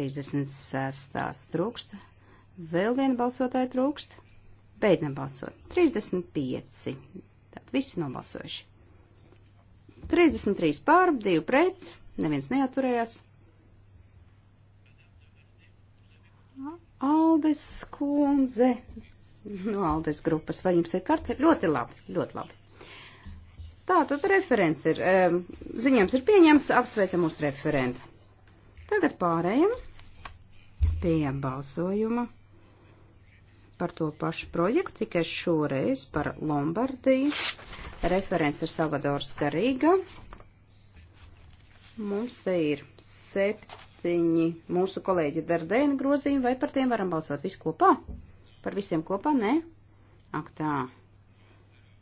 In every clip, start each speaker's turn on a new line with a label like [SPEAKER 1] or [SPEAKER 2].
[SPEAKER 1] 36. trūkst. Vēl viena balsotāja trūkst. Beidzam balsot. 35. Tātad visi nobalsojuši. 33 pār, 2 pret, neviens neaturējās. Aldes kundze, no nu, Aldes grupas, vai jums ir karte? Ļoti labi, ļoti labi. Tā, tad referents ir, ziņojums ir pieņems, apsveicam mūsu referentu. Tagad pārējiem pieejam balsojumu par to pašu projektu, tikai šoreiz par Lombardiju. Referents ir Salvadors Garīga. Mums te ir septiņi mūsu kolēģi Dardēna grozījumi, vai par tiem varam balsot visu kopā? Par visiem kopā, nē? Ak tā.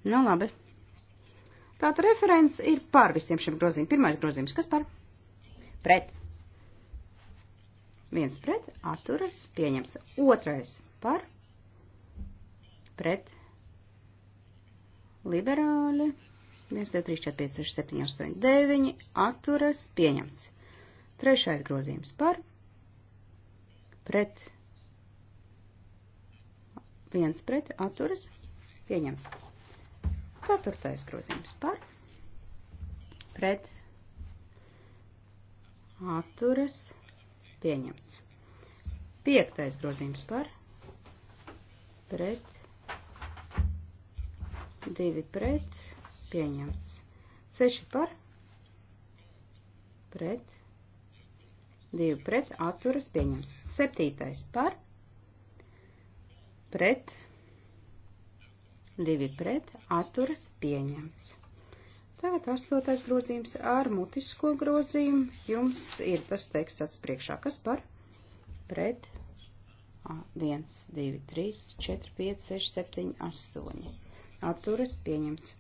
[SPEAKER 1] Nu labi. Tātad referents ir par visiem šiem grozījumiem. Pirmais grozījums, kas par? Pret viens pret, atturas, pieņemts. Otrais par, pret, liberāli, 1, 2, 3, 4, 5, 6, 7, 8, 9, atturas, pieņemts. Trešais grozījums par, pret, viens pret, atturas, pieņemts. Ceturtais grozījums par, pret, atturas, pieņemts pieņemts. Piektais grozījums par, pret, divi pret, pieņemts. Seši par, pret, divi pret, atturas, pieņemts. Septītais par, pret, divi pret, atturas, pieņemts. Tātad astotais grozījums ar mutisko grozījumu. Jums ir tas teiks tāds priekšā, kas par pret 1, 2, 3, 4, 5, 6, 7, 8. Atturas pieņemts.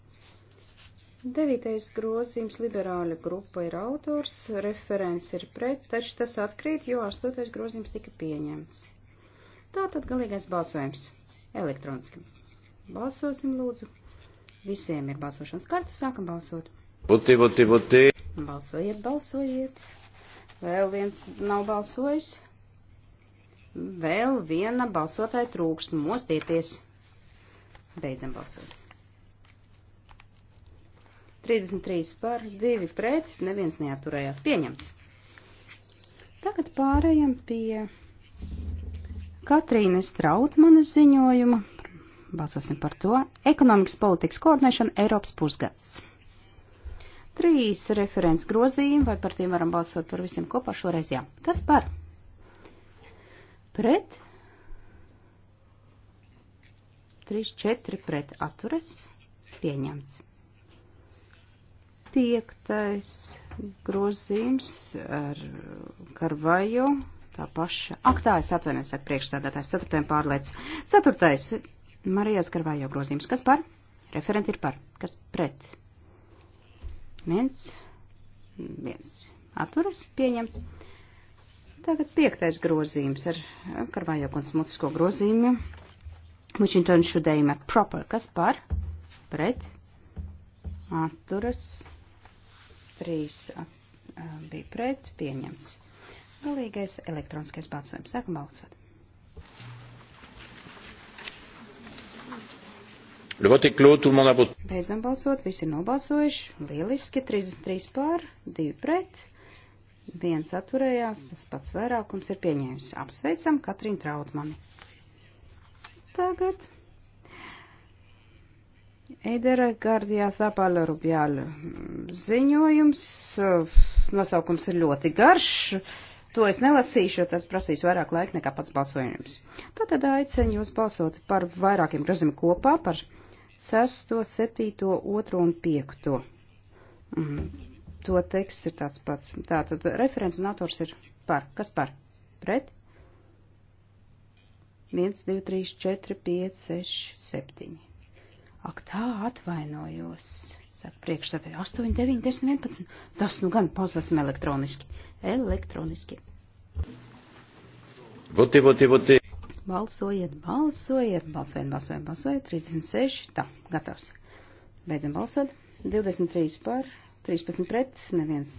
[SPEAKER 1] Devītais grozījums liberāļa grupa ir autors, referents ir pret, taču tas atkrīt, jo astotais grozījums tika pieņemts. Tātad galīgais balsojums. Elektroniski. Balsosim lūdzu. Visiem ir balsošanas karta, sākam balsot.
[SPEAKER 2] Buti, buti, buti.
[SPEAKER 1] Balsojiet, balsojiet. Vēl viens nav balsojis. Vēl viena balsotāja trūkst. Mostieties. Beidzam balsot. 33 par 2 pret, neviens neaturējās pieņemts. Tagad pārējam pie Katrīnes Trautmanas ziņojuma Balsosim par to. Ekonomikas politikas koordinēšana Eiropas pusgads. Trīs referents grozījumi, vai par tiem varam balsot par visiem kopā šoreiz jā. Kas par? Pret? Trīs, četri pret atturas. Pieņemts. Piektais grozījums ar karvaju. Tā paša. Ak, tā es atvainojos, saka priekšstādātājs. Ceturtajam pārliecu. Ceturtais Marijas Garvājo grozījums. Kas par? Referenti ir par. Kas pret? Viens, viens. Atturas pieņemts. Tagad piektais grozījums ar Garvājo konsmutisko grozījumu. Washington should aim at proper. Kas par? Pret? Atturas. Trīs at, bija pret. Pieņemts. Galīgais elektroniskais balsojums. Sākam balsot.
[SPEAKER 2] Le vote est clos, tout le monde a voté.
[SPEAKER 1] Beidzam balsot, visi ir nobalsojuši. Lieliski, 33 pār, 2 pret, 1 atturējās, tas pats vairākums ir pieņēmis. Apsveicam Katrīnu Trautmani. Tagad. Eidera Gardijā Zapala Rubjāla ziņojums. Nosaukums ir ļoti garš. To es nelasīšu, jo tas prasīs vairāk laika nekā pats balsojums. Tātad aicinu jūs balsot par vairākiem groziem kopā par 6, 7, 2 un 5. Mm. To teksts ir tāds pats. Tātad referents un autors ir par. Kas par? Pret? 1, 2, 3, 4, 5, 6, 7. Ak tā atvainojos. Saka priekšsēdētāji 8, 9, 10, 11. Tas nu gan balsosim elektroniski. Elektroniski.
[SPEAKER 2] Voti, voti, voti.
[SPEAKER 1] Balsojiet, balsojiet, balsojiet, balsojiet, balsojiet. 36. Tā, gatavs. Beidzam balsot. 23 par, 13 pret, neviens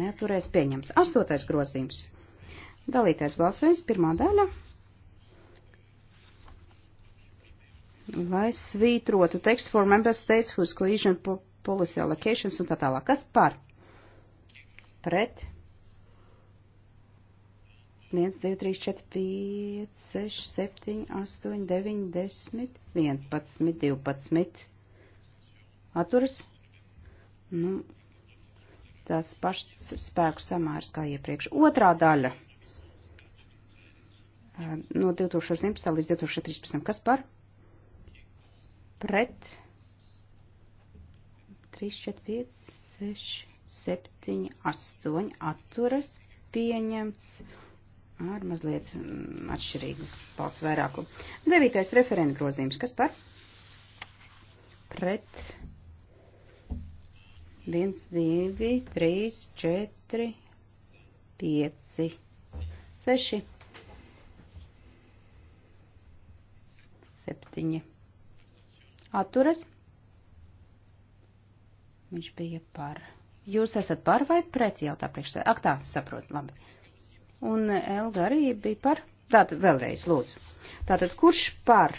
[SPEAKER 1] neaturēs pieņems. Astotais grozījums. Dalītais balsojums, pirmā daļa. Lai svītrotu tekstu for member states whose cohesion policy allocations un tā tālāk. Kas par? Pret 1, 2, 3, 4, 5, 6, 7, 8, 9, 10, 11, 12. Atturas. Nu, tās pašas spēku samērs kā iepriekš. Otrā daļa. No 2011. līdz 2013. Kas par? Pret. 3, 4, 5, 6, 7, 8. Atturas. Pieņemts ar mazliet mm, atšķirīgu balsu vairākumu. Devītais referenta grozījums. Kas par? Pret. 1, 2, 3, 4, 5, 6, 7. Atturas. Viņš bija par. Jūs esat par vai pret jautā priekšsēdē? Ak tā, saprot, labi un Elga arī bija par. Tātad vēlreiz lūdzu. Tātad kurš par?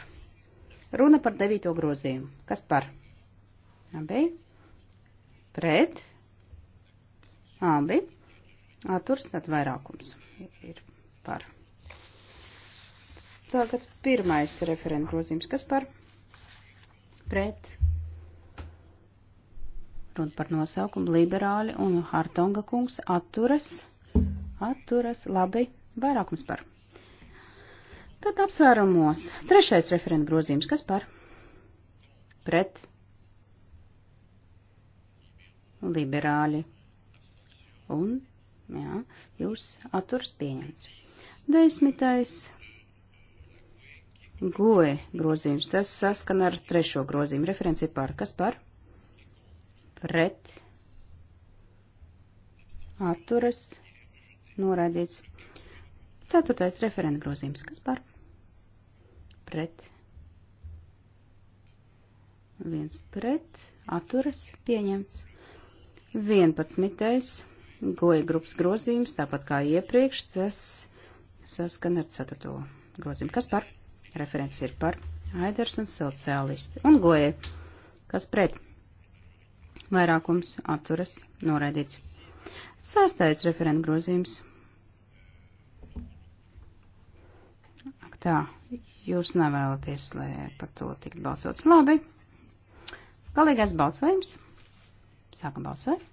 [SPEAKER 1] Runa par devīto grozījumu. Kas par? Abi. Pret. Abi. Atturs, tad vairākums ir par. Tagad pirmais referenta grozījums. Kas par? Pret. Runa par nosaukumu liberāļi un Hartonga kungs atturas atturas, labi, vairākums par. Tad apsvērumos. Trešais referenta grozījums, kas par? Pret. Liberāļi. Un, jā, jūs atturs pieņemts. Desmitais. Goe grozījums. Tas saskana ar trešo grozījumu. Referents ir par. Kas par? Pret. Atturas noraidīts. Ceturtais referenta grozījums, kas par pret. Viens pret, atturas, pieņemts. Vienpadsmitais goja grupas grozījums, tāpat kā iepriekš, tas saskan ar ceturto grozījumu. Kas par? Referents ir par Aiders un sociālisti. Un goja, kas pret? Vairākums atturas, noraidīts. Sastais referenta grozījums. Ak tā, jūs nevēlaties, lai par to tiktu balsots. Labi. Galīgais balsojums. Sākam balsot.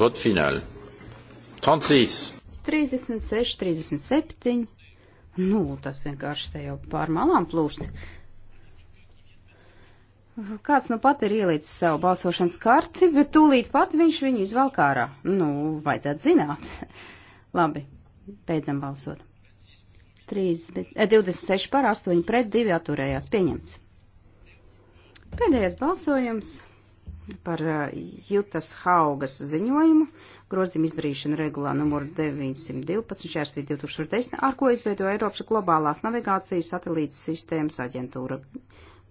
[SPEAKER 2] Vot fināli. 36.
[SPEAKER 1] 36, 37. Nu, tas vienkārši te jau pār malām plūst. Kāds nu pat ir ielicis savu balsošanas karti, bet tūlīt pat viņš viņu izvelk ārā. Nu, vajadzētu zināt. Labi, beidzam balsot. 3, bet, 26 eh, par 8 pret 2 atturējās pieņemts. Pēdējais balsojums par eh, Jutas Haugas ziņojumu, grozījuma izdarīšana regulā numuru 912 šķērsvīt 2010, ar ko izveido Eiropas globālās navigācijas satelītas sistēmas aģentūra.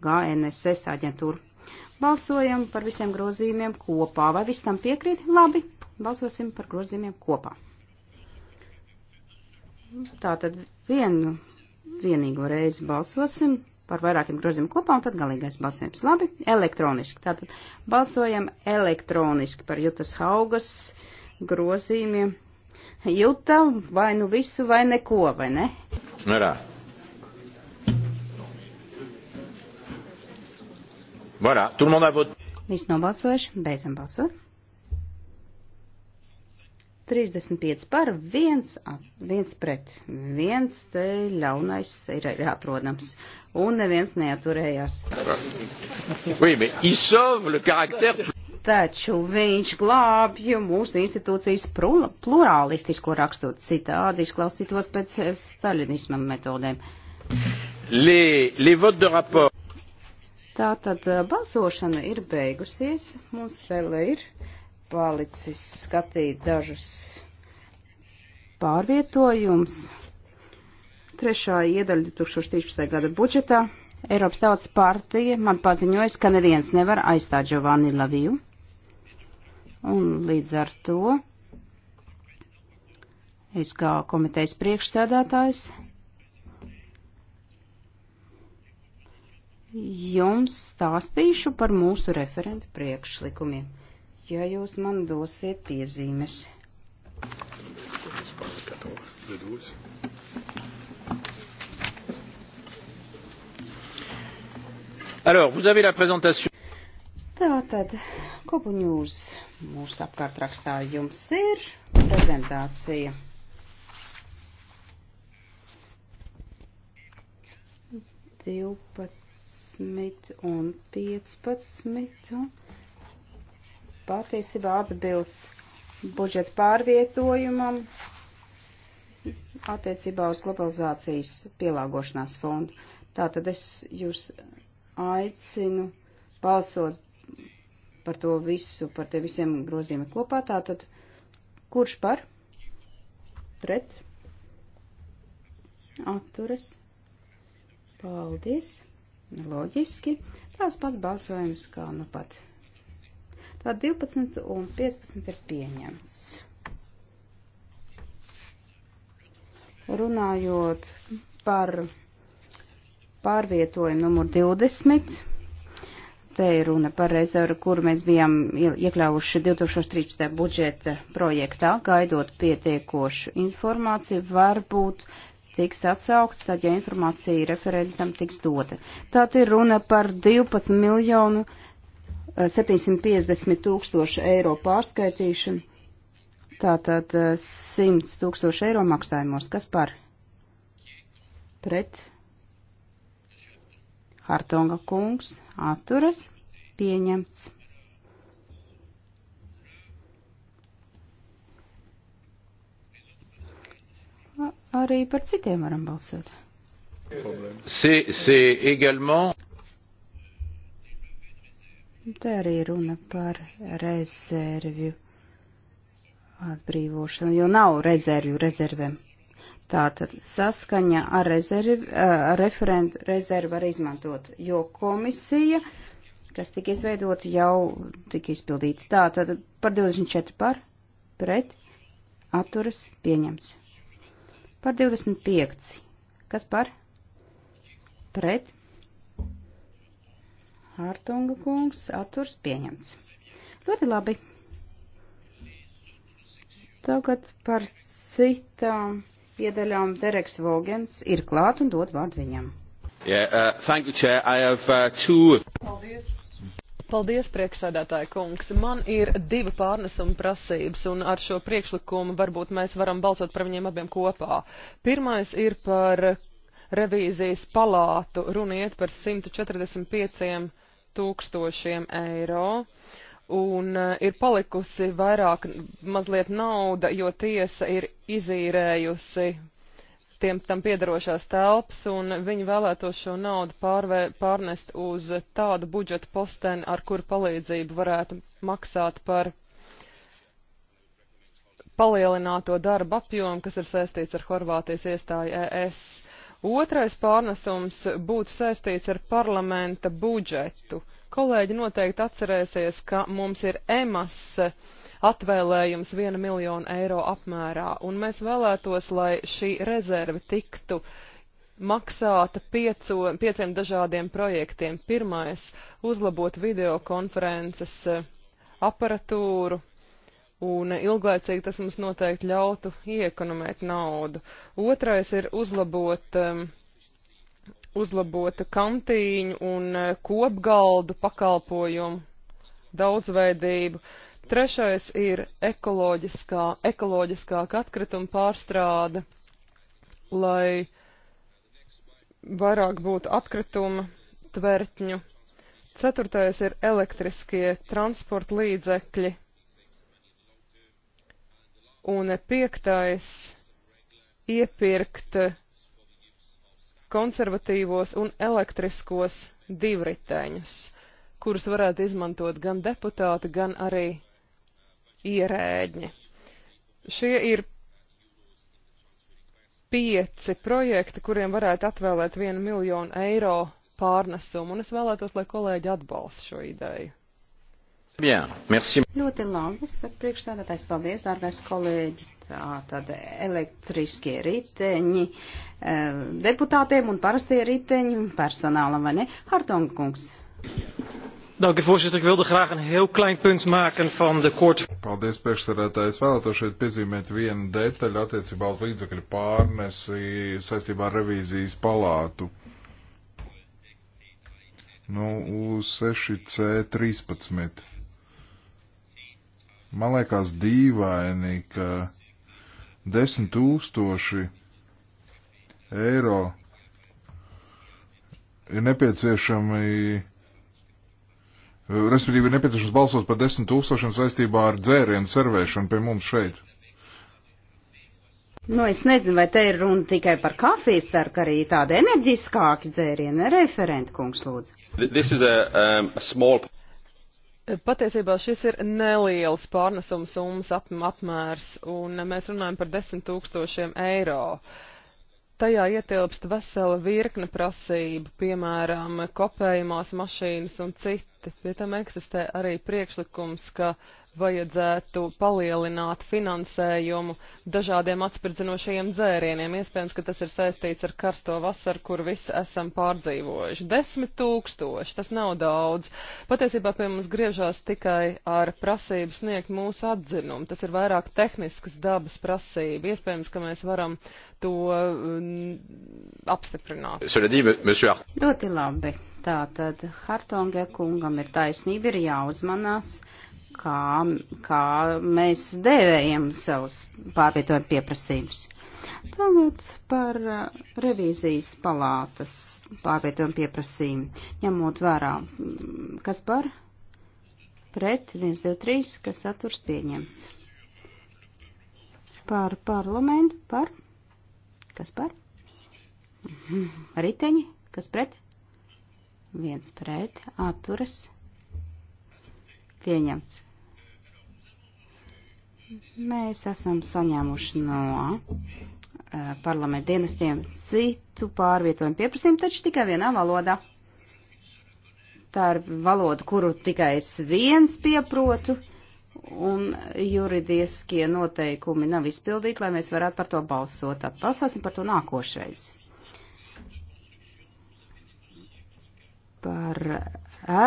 [SPEAKER 1] GNSS aģentūru. Balsojam par visiem grozījumiem kopā. Vai viss tam piekrīt? Labi, balsosim par grozījumiem kopā. Tātad vienu, vienīgo reizi balsosim par vairākiem grozījumiem kopā, un tad galīgais balsojums. Labi, elektroniski. Tātad balsojam elektroniski par Jutas Haugas grozījumiem. Juta vai nu visu vai neko, vai ne?
[SPEAKER 2] Nerā. Voilà, tout le monde a voté.
[SPEAKER 1] Viss nobalsojuši, beidzam balsot. 35 par 1, 1 pret, 1 te ļaunais ir, ir atrodams, un neviens neaturējās. Oui, mais il sauve le caractère taču viņš glābj mūsu institūcijas plurālistisko rakstot citādi, izklausītos pēc eh, staļinisma metodēm.
[SPEAKER 2] Les, les votes de rapport.
[SPEAKER 1] Tātad balsošana ir beigusies. Mums vēl ir palicis skatīt dažus pārvietojums. Trešā iedaļa 2013. gada budžetā Eiropas Tautas partija man paziņojas, ka neviens nevar aizstāt Giovanni Laviju. Un līdz ar to es kā komitejas priekšsēdētājs jums stāstīšu par mūsu referentu priekšlikumiem, ja jūs man dosiet piezīmes.
[SPEAKER 2] Alors, vous avez la présentation.
[SPEAKER 1] Tātad, Kobuņūs mūsu apkārtrakstā jums ir prezentācija. Divpadsmit. 14 un 15 patiesībā atbilst budžeta pārvietojumam attiecībā uz globalizācijas pielāgošanās fondu. Tātad es jūs aicinu balsot par to visu, par te visiem grozījumiem kopā. Tātad, kurš par? Pret? Atturas? Paldies! Loģiski. Tās pats balsojums kā nu pat. Tā 12 un 15 ir pieņemts. Runājot par pārvietojumu numur 20. Te ir runa par rezervu, kur mēs bijām iekļāvuši 2013. budžeta projektā, gaidot pietiekošu informāciju. Varbūt tiks atsaukt, tad, ja informācija referentam tiks dota. Tā ir runa par 12 miljonu 750 eh, tūkstošu eiro pārskaitīšanu. Tātad 100 eh, tūkstoši eiro maksājumos. Kas par? Pret? Hartonga kungs atturas pieņemts. Arī par citiem varam balsot. Te arī runa par rezervju atbrīvošanu, jo nav rezervju rezervēm. Tātad saskaņa ar rezervi, uh, referentu rezervu var izmantot, jo komisija, kas tika izveidota, jau tika izpildīta. Tātad par 24 par, pret, atturas pieņemts. Par 25. Kas par? Pret. Hartunga kungs atturs pieņemts. Ļoti labi. Tagad par citām iedaļām Dereks Vogens ir klāt un dod vārdu viņam.
[SPEAKER 2] Yeah, uh, thank you, Chair. I have uh, two.
[SPEAKER 3] Paldies. Paldies, priekšsēdētāja kungs. Man ir divi pārnesuma prasības, un ar šo priekšlikumu varbūt mēs varam balsot par viņiem abiem kopā. Pirmais ir par revīzijas palātu. Runiet par 145 tūkstošiem eiro. Un eh, ir palikusi vairāk mazliet nauda, jo tiesa ir izīrējusi tiem tam piedarošās telpas, un viņi vēlētos šo naudu pārvē, pārnest uz tādu budžeta posteni, ar kuru palīdzību varētu maksāt par palielināto darba apjomu, kas ir saistīts ar Horvātijas iestāju ES. Otrais pārnesums būtu saistīts ar parlamenta budžetu. Kolēģi noteikti atcerēsies, ka mums ir EMAS atvēlējums 1 miljonu eiro apmērā, un mēs vēlētos, lai šī rezerve tiktu maksāta piecu, pieciem dažādiem projektiem. Pirmais - uzlabot videokonferences eh, aparatūru, un eh, ilglaicīgi tas mums noteikti ļautu iekonomēt naudu. Otrais ir uzlabot, um, uzlabot kantīņu un eh, kopgaldu pakalpojumu daudzveidību. Trešais ir ekoloģiskā, ekoloģiskāka atkrituma pārstrāde, lai vairāk būtu atkrituma tvertņu. Ceturtais ir elektriskie transporta līdzekļi. Un piektais - iepirkt konservatīvos un elektriskos divriteņus, kurus varētu izmantot gan deputāti, gan arī ierēģi. Šie ir pieci projekti, kuriem varētu atvēlēt vienu miljonu eiro pārnesumu, un es vēlētos, lai kolēģi atbalsta šo ideju.
[SPEAKER 2] Bien, merci.
[SPEAKER 3] Ļoti labi, priekšstādātais, paldies, dārgais kolēģi.
[SPEAKER 1] Tā tad elektriskie riteņi eh, deputātiem un parastie riteņi personālam, vai ne? Hartonga kungs.
[SPEAKER 2] Dank u voorzitter. Ik wilde graag een heel klein punt maken van de korte. Paldies, priekšsēdētājs. Vēlētos šeit piezīmēt vienu detaļu attiecībā uz līdzekļu pārnesi saistībā ar revīzijas palātu. Nu, uz 6C13. Man liekas dīvaini, ka 10 tūkstoši eiro ir nepieciešami Eh, respektīvi, ir nepieciešams balsot par desmit tūkstošiem saistībā ar dzērienu servēšanu pie mums šeit.
[SPEAKER 1] Nu, es nezinu, vai te ir runa tikai par kafijas sarku, arī tāda
[SPEAKER 3] enerģiskāka dzēriena. Referenta kungs, lūdzu.
[SPEAKER 2] A, um, a small...
[SPEAKER 3] Patiesībā šis ir neliels pārnesums summas apmērs, un mēs runājam par desmit tūkstošiem eiro. Uh, Tajā ietilpst vesela virkne prasību, piemēram, kopējumās mašīnas un citi. Pie tam eksistē arī priekšlikums, ka vajadzētu palielināt finansējumu dažādiem atspirdzinošajiem dzērieniem. Iespējams, ka tas ir saistīts ar karsto vasaru, kur visi esam pārdzīvojuši. Desmit tūkstoši, tas nav daudz. Patiesībā pie mums griežās tikai ar prasību sniegt mūsu atzinumu. Tas ir vairāk tehniskas dabas prasība. Iespējams, ka mēs varam to mm, m, apstiprināt. Ļoti labi. Tātad Hartonge kungam ir taisnība,
[SPEAKER 1] ir jāuzmanās kā, kā mēs devējam savus pārvietojumu pieprasījumus. Tagad par uh, revīzijas palātas pārvietojumu pieprasījumu, ņemot vērā, mm, kas par pret 123, kas saturs pieņemts. Par parlamentu, par, kas par? Riteņi, kas pret? Viens pret, atturas, pieņemts. Mēs esam saņēmuši no eh, parlamenta dienestiem citu pārvietojumu pieprasījumu, taču tikai vienā valodā. Tā ir valoda, kuru tikai es viens pieprotu, un juridiskie noteikumi nav izpildīti, lai mēs varētu par to balsot. Tad balsosim par to nākošreiz. Par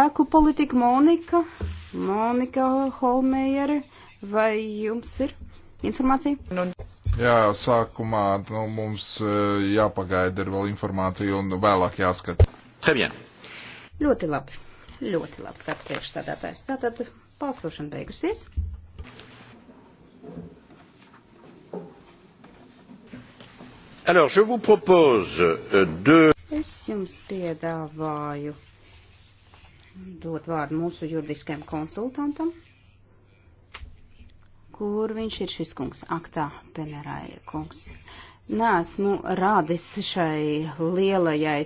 [SPEAKER 1] ēku politiku Monika, Monika Holmejere Vai jums ir informācija? Nu,
[SPEAKER 2] Jā, sākumā nu, mums eh, jāpagaida ir vēl informācija un vēlāk jāskata. Très bien.
[SPEAKER 1] Ļoti labi. Ļoti labi, saka priekšstādātājs. Tātad balsošana beigusies.
[SPEAKER 2] Alors, je vous propose euh, de...
[SPEAKER 1] Es jums piedāvāju dot vārdu mūsu juridiskajam konsultantam. Kur viņš ir šis kungs? Aktā, Penerāja kungs. Nāsmu rādis šai lielajai,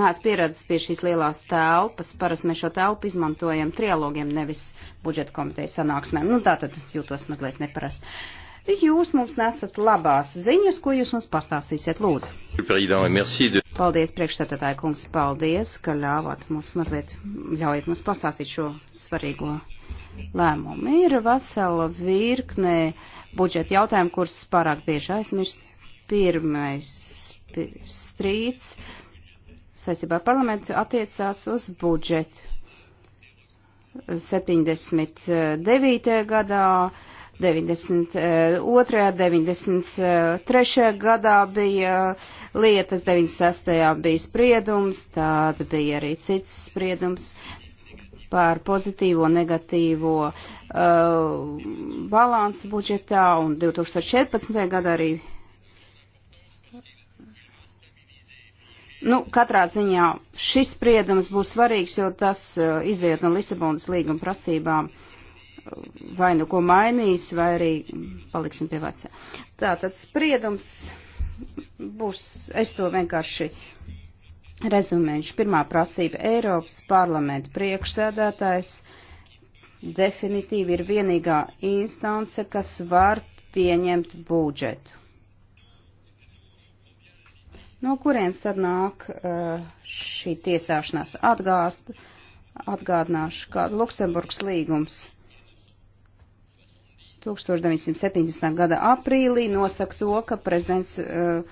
[SPEAKER 1] nāc pieredzis pie šīs lielās telpas, parasti mēs šo telpu izmantojam trialogiem, nevis budžeta komitejas sanāksmēm. Nu, tā tad jūtos mazliet neparasti. Jūs mums nesat labās ziņas, ko jūs mums pastāstīsiet,
[SPEAKER 2] lūdzu.
[SPEAKER 1] Paldies, priekšstādātāji kungs, paldies, ka ļāvāt mums mazliet, ļaujiet mums pastāstīt šo svarīgo lēmumi. Ir vesela virknē budžeta jautājumu, kurus pārāk bieži aizmirst. Pirmais strīds saistībā ar parlamentu attiecās uz budžetu. 79. gadā 92. 93. gadā bija lietas, 96. bija spriedums, tāda bija arī cits spriedums par pozitīvo un negatīvo uh, balansu budžetā un 2014. gadā arī. Nu, katrā ziņā šis spriedums būs svarīgs, jo tas uh, iziet no Lisabonas līguma prasībām. Uh, vai nu ko mainīs, vai arī paliksim pie vecā. Tā tad spriedums būs, es to vienkārši Rezumējuši pirmā prasība Eiropas parlamenta priekšsēdētājs definitīvi ir vienīgā instance, kas var pieņemt budžetu. No kurienes tad nāk eh, šī tiesāšanās atgāst, atgādināšu, ka Luksemburgas līgums 1970. gada aprīlī nosaka to, ka prezidents uh,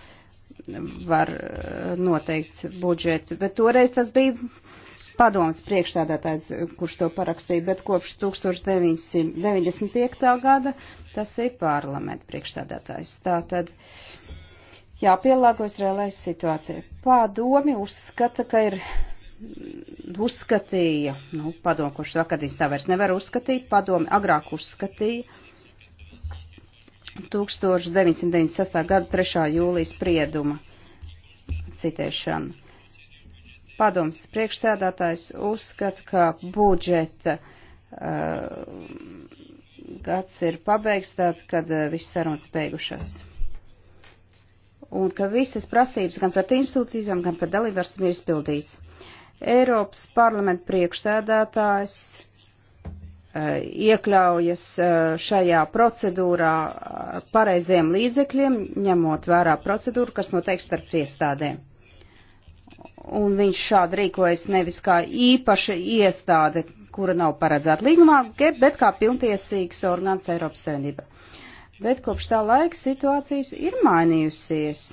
[SPEAKER 1] var eh, noteikt budžetu, bet toreiz tas bija padomas priekšstādātājs, eh, kurš to parakstīja, bet kopš 1995. gada tas ir parlamenta priekšstādātājs. Tātad jāpielāgojas reālais situācijai. Padomi uzskata, ka ir mm, uzskatīja, nu, padomu, kurš vakardīs tā vairs nevar uzskatīt, padomi agrāk uzskatīja, 1996. gada 3. jūlijas sprieduma citēšana. Padoms priekšsēdātājs uzskata, ka budžeta uh, gads ir pabeigts tad, kad uh, viss sarunas beigušas. Un ka visas prasības gan pret institūcijām, gan pret dalībvalstīm ir izpildīts. Eiropas parlamenta priekšsēdātājs uh, Eh, iekļaujas eh, šajā procedūrā eh, pareiziem līdzekļiem, ņemot vērā procedūru, kas notiek starp iestādēm. Un viņš šādi rīkojas nevis kā īpaša iestāde, kura nav paredzēta līgumā, bet kā pilntiesīgs orgāns Eiropas Savienība. Bet kopš tā laika situācijas ir mainījusies.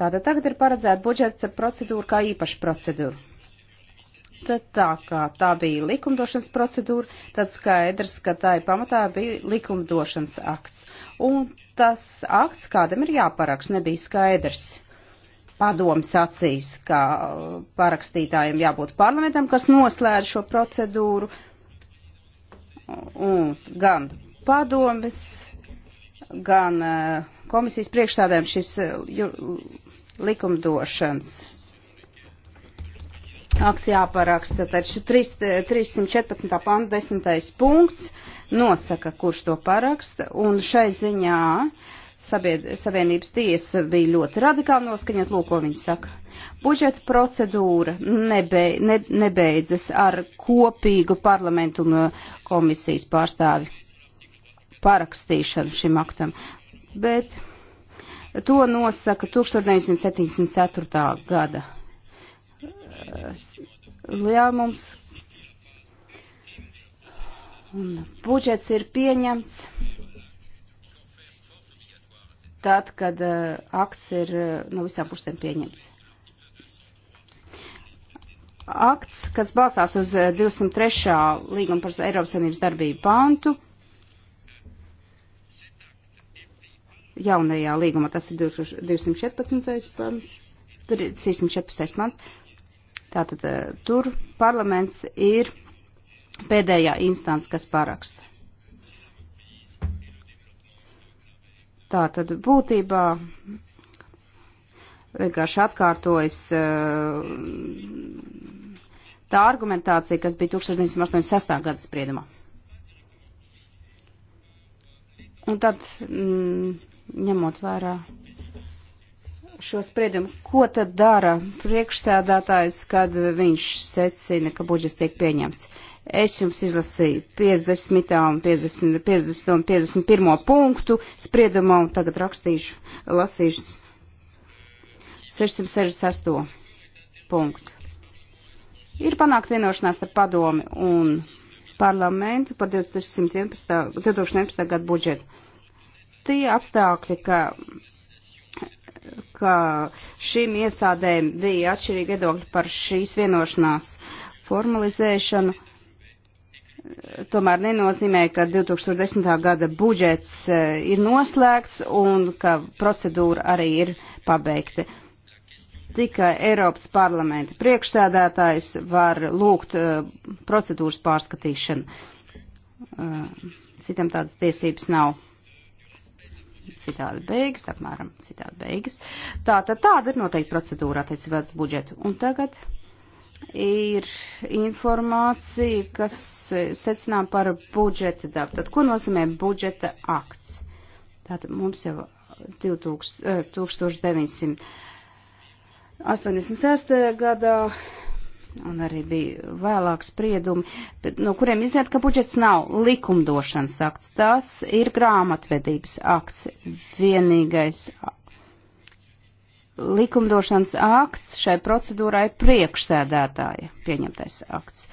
[SPEAKER 1] Tātad tagad ir paredzēta budžeta procedūra kā īpaša procedūra. Tad tā kā tā bija likumdošanas procedūra, tad skaidrs, ka tā ir pamatā bija likumdošanas akts. Un tas akts kādam ir jāparaks, nebija skaidrs padoms acīs, ka uh, parakstītājiem jābūt parlamentam, kas noslēdz šo procedūru, un gan padomis, gan uh, komisijas priekšstādēm šis uh, likumdošanas akts jāparaksta, taču 3, 314. panta 10. punkts nosaka, kurš to paraksta, un šai ziņā sabied, Savienības tiesa bija ļoti radikāli noskaņot, lūk, ko viņi saka. Budžeta procedūra nebe, ne, nebeidzas ar kopīgu parlamentu un uh, komisijas pārstāvi parakstīšanu šim aktam, bet to nosaka 1974. gada Eh, lēmums. Un budžets ir pieņemts tad, kad uh, akts ir uh, no visām pusēm pieņemts. Akts, kas balstās uz 203. līguma par Eiropas Savienības darbību pantu, jaunajā līgumā tas ir 214. pants, 314. pants, Tātad e, tur parlaments ir pēdējā instance, kas paraksta. Tātad būtībā vienkārši atkārtojas e, tā argumentācija, kas bija 1986. gada spriedumā. Un tad, mm, ņemot vērā šo spriedumu. Ko tad dara priekšsēdātājs, kad viņš secina, ka budžets tiek pieņemts? Es jums izlasīju 50. un 50, 50 un 51. punktu spriedumā un tagad rakstīšu, lasīšu 668. punktu. Ir panākt vienošanās ar padomi un parlamentu par 2011. 2011. gadu budžetu. Tie apstākļi, ka ka šīm iestādēm bija atšķirīgi viedokļi par šīs vienošanās formalizēšanu. Tomēr nenozīmē, ka 2010. gada budžets e, ir noslēgts un ka procedūra arī ir pabeigta. Tikai Eiropas parlamenta priekšsēdētājs var lūgt uh, procedūras pārskatīšanu. Uh, citam tādas tiesības nav citādi beigas, apmēram citādi beigas. Tā tad tāda ir noteikti procedūra attiecībā uz budžetu. Un tagad ir informācija, kas secinām par budžeta dabu. Tad ko nozīmē budžeta akts? Tātad mums jau 2000, 1986. Eh, gadā un arī bija vēlāk spriedumi, bet, no kuriem izniet, ka budžets nav likumdošanas akts, tas ir grāmatvedības akts. Vienīgais likumdošanas akts šai procedūrai priekšsēdētāja pieņemtais akts.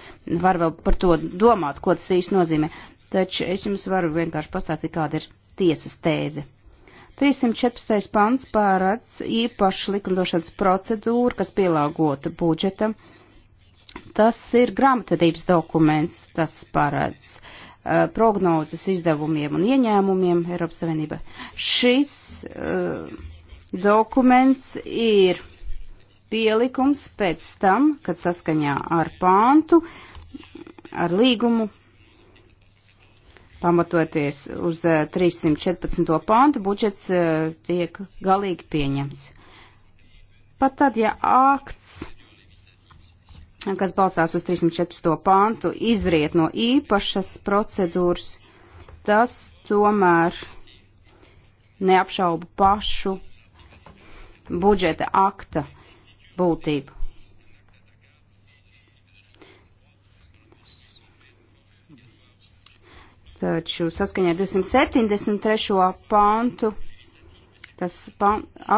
[SPEAKER 1] Var vēl par to domāt, ko tas īsti nozīmē, taču es jums varu vienkārši pastāstīt, kāda ir tiesas tēze. 314. pants pārāds īpašu likumdošanas procedūru, kas pielāgota budžetam Tas ir grāmatvedības dokuments, tas paredz uh, prognozes izdevumiem un ieņēmumiem Eiropas Savienība. Šis uh, dokuments ir pielikums pēc tam, kad saskaņā ar pāntu, ar līgumu, pamatoties uz 314. Uh, pāntu, budžets uh, tiek galīgi pieņemts. Pat tad, ja akts kas balstās uz 314. pantu, izriet no īpašas procedūras, tas tomēr neapšauba pašu budžeta akta būtību. Taču saskaņā 273. pantu tas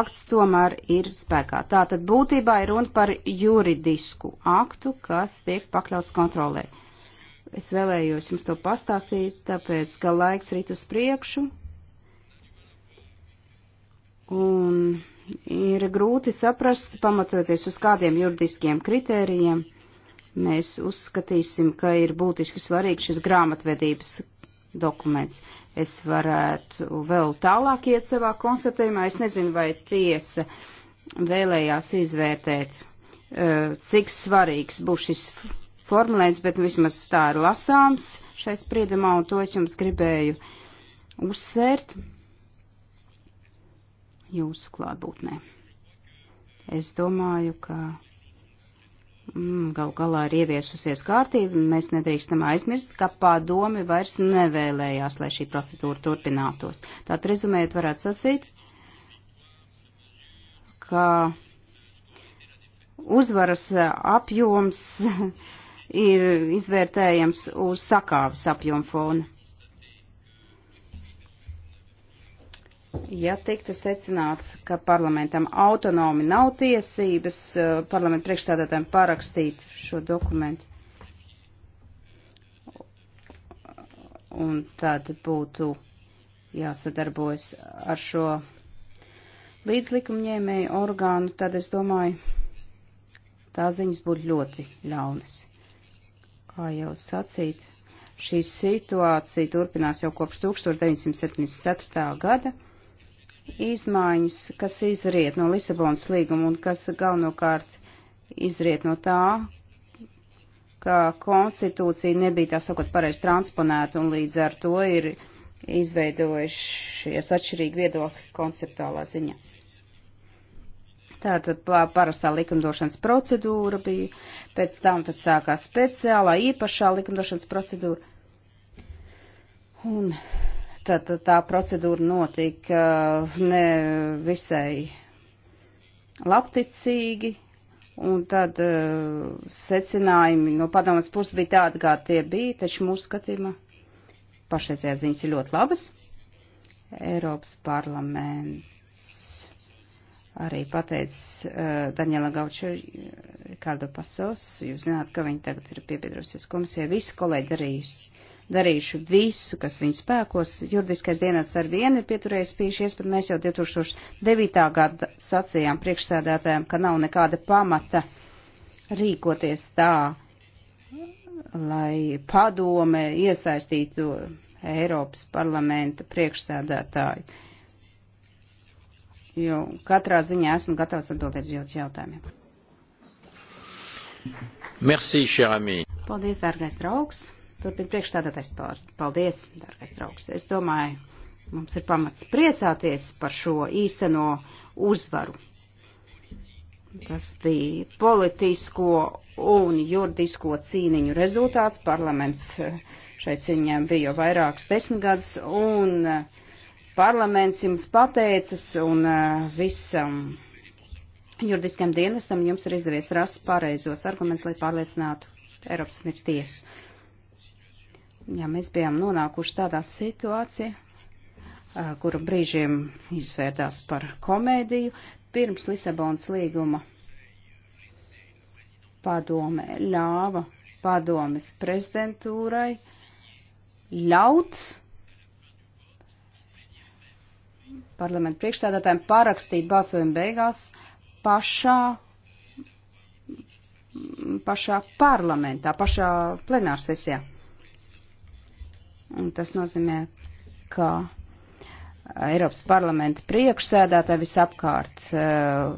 [SPEAKER 1] akts tomēr ir spēkā. Tātad būtībā ir runa par juridisku aktu, kas tiek pakļauts kontrolē. Es vēlējos jums to pastāstīt, tāpēc, ka laiks rīt uz priekšu. Un ir grūti saprast, pamatoties uz kādiem juridiskiem kritērijiem, mēs uzskatīsim, ka ir būtiski svarīgs šis grāmatvedības dokuments. Es varētu vēl tālāk iet savā konstatējumā. Es nezinu, vai tiesa vēlējās izvērtēt, eh, cik svarīgs būs šis formulējums, bet nu vismaz tā ir lasāms šai spriedumā, un to es jums gribēju uzsvērt jūsu klātbūtnē. Es domāju, ka Mm, Gau galā ir ieviesusies kārtība, un mēs nedrīkstam aizmirst, ka pārdomi vairs nevēlējās, lai šī procedūra turpinātos. Tātad rezumējot varētu sacīt, ka uzvaras apjoms ir izvērtējams uz sakāves apjomu fona. ja tiktu secināts, ka parlamentam autonomi nav tiesības eh, parlamentu priekšstādātājiem parakstīt šo dokumentu. Un tad būtu jāsadarbojas ar šo līdzlikumņēmēju orgānu, tad es domāju, tā ziņas būtu ļoti ļaunas. Kā jau sacīt, šī situācija turpinās jau kopš 1974. gada Izmaiņas, kas izriet no Lisabonas līguma un kas galvenokārt izriet no tā, ka konstitūcija nebija tā sakot pareizi transponēta un līdz ar to ir izveidojušies atšķirīgi viedokļi konceptuālā ziņā. Tātad parastā likumdošanas procedūra bija, pēc tam tad sākās speciālā īpašā likumdošanas procedūra. Un Tad tā procedūra notika eh, ne visai labticīgi, un tad eh, secinājumi no padomas puses bija tādi, kā tie bija, taču mūsu skatījumā pašreizējās ziņas ir ļoti labas. Eiropas parlaments arī pateicis uh, Daniela Gauča, Rikārdo Pasos, jūs zināt, ka viņi tagad ir piebiedrusies komisijai, visi kolēģi darījusi darījuši visu, kas viņu spēkos. Juridiskais dienas ar vienu ir pieturējis pīšies, bet mēs jau 2009. gada sacījām priekšsēdētājiem, ka nav nekāda pamata rīkoties tā, lai padome iesaistītu Eiropas parlamenta priekšsēdētāju. Jo katrā ziņā esmu gatavs atbildēt uz jautājumiem.
[SPEAKER 2] Merci, cher ami.
[SPEAKER 1] Paldies, dārgais draugs. Turpin priekšstādātais pār. Paldies, dārgais draugs. Es domāju, mums ir pamats priecāties par šo īsteno uzvaru. Tas bija politisko un juridisko cīniņu rezultāts. Parlaments eh, šai cīņām bija jau vairākas desmitgadus, un eh, parlaments jums pateicas, un eh, visam juridiskam dienestam jums ir izdevies rast pareizos argumentus, lai pārliecinātu Eiropas Savienības tiesu ja mēs bijām nonākuši tādā situācijā, kura brīžiem izvērdās par komēdiju, pirms Lisabonas līguma padome ļāva padomes prezidentūrai ļaut parlamentu priekšstādātājiem parakstīt balsojumu beigās pašā, pašā parlamentā, pašā plenārsesijā. Un tas nozīmē, ka uh, Eiropas parlamenta priekšsēdētāji visapkārt uh,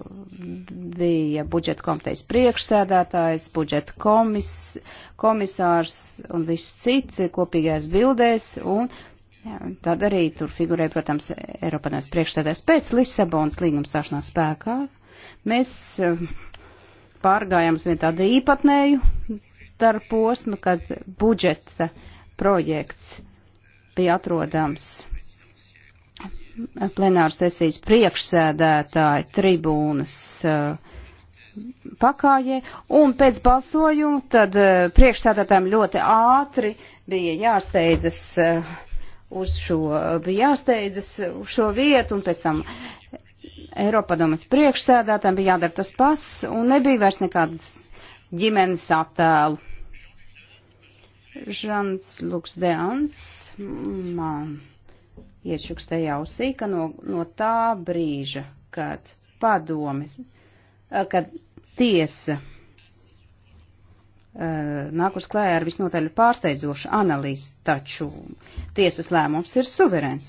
[SPEAKER 1] bija budžeta komitejas priekšsēdētājs, budžeta komis, komisārs un viss cits kopīgais bildēs. Un jā, tad arī tur figurē, protams, Eiropanais priekšsēdētājs pēc Lisabonas līguma stāšanās spēkā. Mēs uh, pārgājām uz vien tādu īpatnēju starposmu, kad budžeta uh, projekts bija atrodams plenāras sesijas priekšsēdētāja tribūnas uh, pakājē, un pēc balsojuma tad uh, priekšsēdētājiem ļoti ātri bija jāsteidzas uh, uz šo, bija jāsteidzas uz šo vietu, un pēc tam Eiropadomas priekšsēdētājiem bija jādara tas pats, un nebija vairs nekādas ģimenes attēlu. Žants Luks Deans man iešukstēja ausī, ka no, no tā brīža, kad padomis, eh, kad tiesa eh, nāk uz klājā ar visnotaļ pārsteidzošu analīzi, taču tiesas lēmums ir suverēns.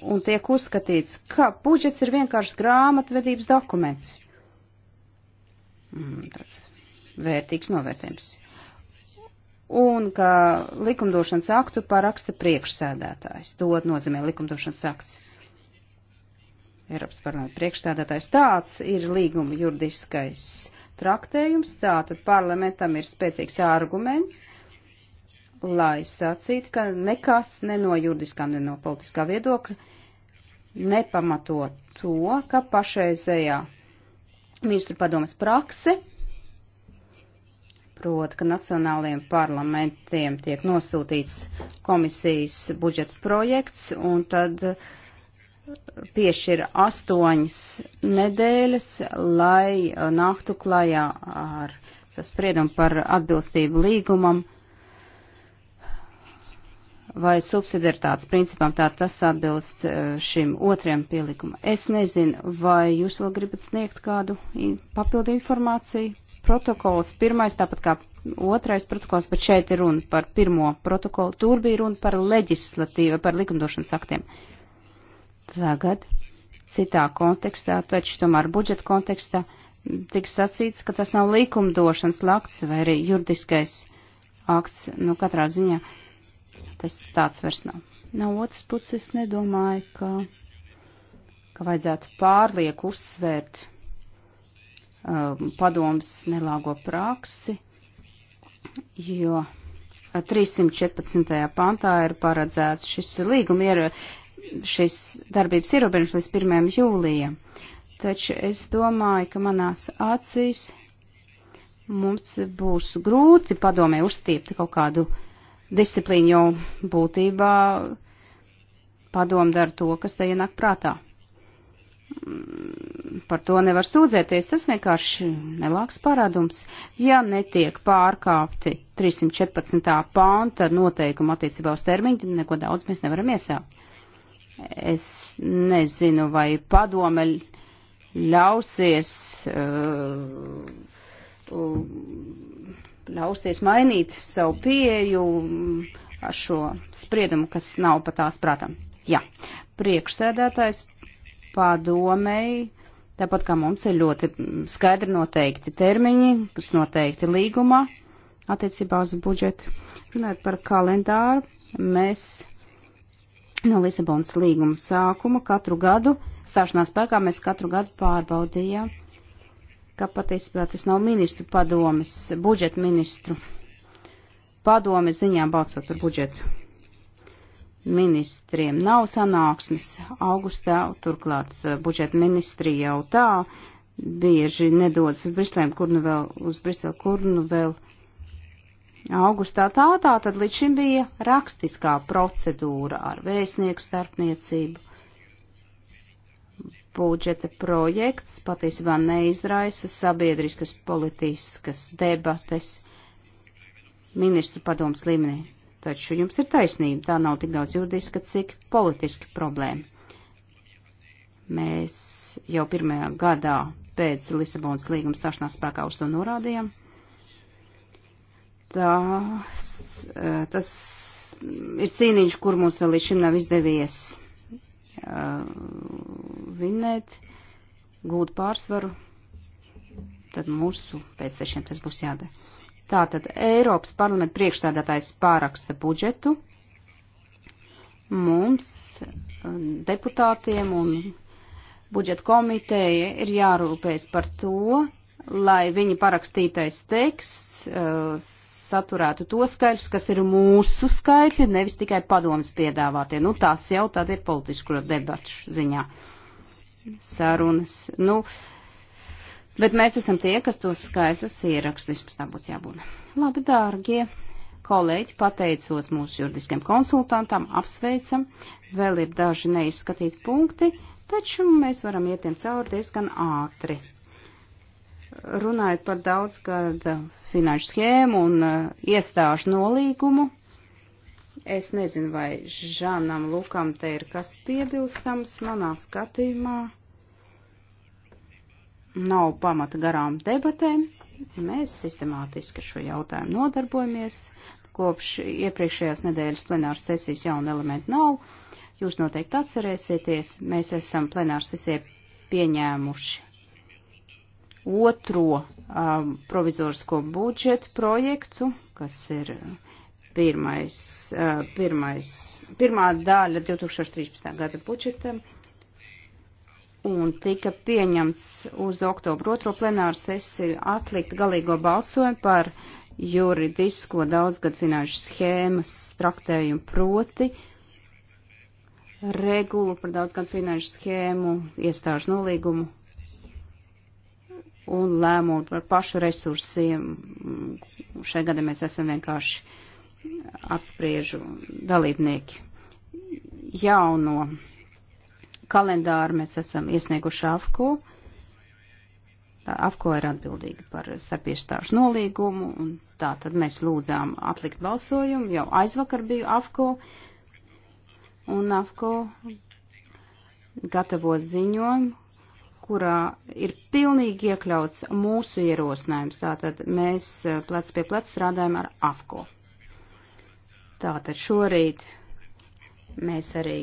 [SPEAKER 1] Un tiek uzskatīts, ka budžets ir vienkārši grāmatvedības dokuments. Mm, tāds vērtīgs novērtējums un ka likumdošanas aktu paraksta priekšsēdētājs. Dod nozīmē likumdošanas akts. Eiropas parlamenta priekšsēdētājs tāds ir līguma juridiskais traktējums, tātad parlamentam ir spēcīgs arguments, lai sacītu, ka nekas ne no juridiskā, ne no politiskā viedokļa nepamato to, ka pašreizējā ministru padomas prakse proti, ka nacionālajiem parlamentiem tiek nosūtīts komisijas budžeta projekts, un tad piešķir astoņas nedēļas, lai uh, nāktu klajā ar spriedumu par atbilstību līgumam vai subsidiaritātes principam, tā tas atbilst uh, šim otriem pielikumam. Es nezinu, vai jūs vēl gribat sniegt kādu papildu informāciju protokols, pirmais tāpat kā otrais protokols, bet šeit ir runa par pirmo protokolu. Tur bija runa par leģislatīvu, par likumdošanas aktiem. Tagad citā kontekstā, taču tomēr budžeta kontekstā tiks sacīts, ka tas nav likumdošanas akts vai arī juridiskais akts, nu katrā ziņā tas tāds vairs nav. No otras puses nedomāju, ka, ka vajadzētu pārlieku uzsvērt Um, padomas nelāgo praksi, jo 314. pantā ir paredzēts šis līguma ir, šis darbības ierobežojums līdz 1. jūlijam. Taču es domāju, ka manās acīs mums būs grūti padomē uzstiept kaut kādu disciplīnu, jo būtībā padomu dara to, kas te ienāk prātā. Mm, par to nevar sūdzēties, tas vienkārši nelāks parādums. Ja netiek pārkāpti 314. pānta noteikuma attiecībā uz termiņu, tad neko daudz mēs nevaram iesākt. Es nezinu, vai padome ļausies, uh, uh, ļausies mainīt savu pieju ar šo spriedumu, kas nav pat tās prātam. Jā, priekšsēdētājs padomēji, tāpat kā mums ir ļoti skaidri noteikti termiņi, kas noteikti līgumā attiecībā uz budžetu. Runājot par kalendāru, mēs no Lisabonas līguma sākuma katru gadu, stāšanās spēkā, mēs katru gadu pārbaudījām, ka patiesībā tas nav ministru padomis, budžeta ministru padomis ziņā balsot par budžetu ministriem nav sanāksmes augustā, turklāt eh, budžeta ministri jau tā bieži nedodas uz Briselēm, kur nu vēl, uz Briselu, kur nu vēl augustā tā tā, tad līdz šim bija rakstiskā procedūra ar vēstnieku starpniecību. Budžeta projekts patiesībā neizraisa sabiedriskas politiskas debates ministru padoms līmenī. Taču jums ir taisnība, tā nav tik daudz juridiska, cik politiska problēma. Mēs jau pirmajā gadā pēc Lisabonas līguma stāšanās spēkā uz to norādījām. Tas, tas ir cīniņš, kur mums vēl līdz šim nav izdevies uh, vinnēt, gūt pārsvaru. Tad mūsu pēc sešiem tas būs jādara. Tātad Eiropas parlamenta priekšstādātājs pāraksta budžetu. Mums, um, deputātiem un budžeta komiteja ir jārūpēs par to, lai viņa parakstītais teksts uh, saturētu to skaitļus, kas ir mūsu skaitļi, nevis tikai padomas piedāvātie. Nu, tās jau tad ir politisko debaču ziņā sarunas. Nu, uh, Bet mēs esam tie, kas tos skaitļus ierakstīs, mums tā būtu jābūt. Labi, dārgie kolēģi, pateicos mūsu juridiskiem konsultantam, apsveicam, vēl ir daži neizskatīti punkti, taču mēs varam iet tiem cauri diezgan ātri. Runājot par daudzgada finanšu schēmu un uh, iestāžu nolīgumu, es nezinu, vai Žanam Lukam te ir kas piebilstams manā skatījumā nav pamata garām debatēm. Mēs sistemātiski ar šo jautājumu nodarbojamies. Kopš iepriekšējās nedēļas plenāras sesijas jauna elementa nav. Jūs noteikti atcerēsieties, mēs esam plenāras sesijā pieņēmuši otro um, provizorisko budžetu projektu, kas ir pirmais, uh, pirmais, pirmā daļa 2013. gada budžetam. Um, un tika pieņemts uz oktobru otro plenāru sesiju atlikt galīgo balsojumu par juridisko daudzgad finanšu schēmas traktējumu proti regulu par daudzgad finanšu schēmu, iestāžu nolīgumu un lēmumu par pašu resursiem. Šai gada mēs esam vienkārši apspriežu dalībnieki jauno kalendāru mēs esam iesnieguši AFKO. AFKO ir atbildīga par starpiestāžu nolīgumu, un tā tad mēs lūdzām atlikt balsojumu. Jau aizvakar biju AFKO, un AFKO gatavo ziņojumu, kurā ir pilnīgi iekļauts mūsu ierosinājums. Tātad mēs eh, plec pie plec strādājam ar AFKO. Tātad šorīt mēs arī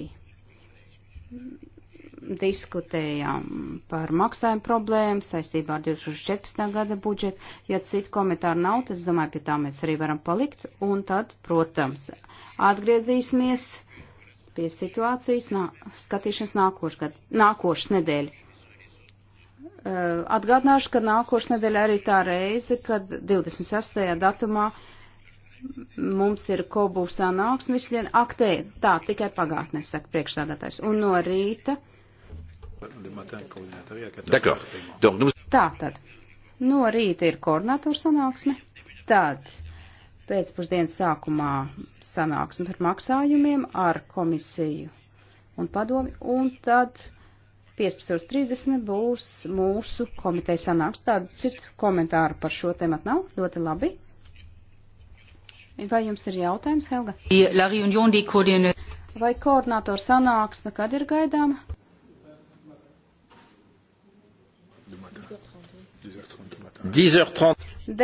[SPEAKER 1] diskutējām par maksājumu problēmu saistībā ar 2014. gada budžetu. Ja citu komentāru nav, tad es domāju, pie tā mēs arī varam palikt. Un tad, protams, atgriezīsimies pie situācijas nā, skatīšanas nākošais gad, nākošais nedēļa. Uh, atgādināšu, ka nākošais nedēļa arī tā reize, kad 26. datumā mums ir kobu sanāksmes, aktē, tā tikai pagātnē, saka priekšstādātājs. Un no rīta Tātad, no rīta ir koordinātora sanāksme, tad pēcpusdienas sākumā sanāksme par maksājumiem ar komisiju un padomi, un tad 15.30 būs mūsu komiteja sanāks. Tādu citu komentāru par šo tematu nav. Ļoti labi. Vai jums ir jautājums, Helga? Vai koordinātora sanāksme kad ir gaidāma?
[SPEAKER 2] 10.30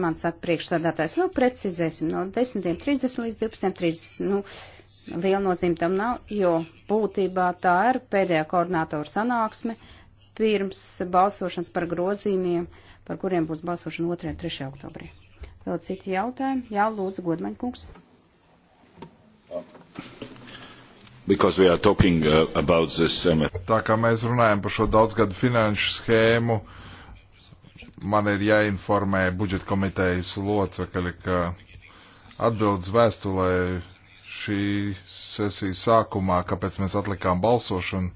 [SPEAKER 1] man saka priekšsādātājs. Nu, precizēsim no 10.30 līdz 12.30. Nu, liela nozīme tam nav, jo būtībā tā ir pēdējā koordinātora sanāksme pirms balsošanas par grozījumiem, par kuriem būs balsošana 2. un 3. oktobrī. Vēl citi jautājumi? Jā, lūdzu, Godmaņkungs.
[SPEAKER 2] Talking, uh, this, um... Tā kā mēs runājam par šo daudzgadu finanšu schēmu, uh, man ir jāinformē budžeta komitejas locekļi, ka atbildes vēstulē šī sesija sākumā, kāpēc mēs atlikām balsošanu,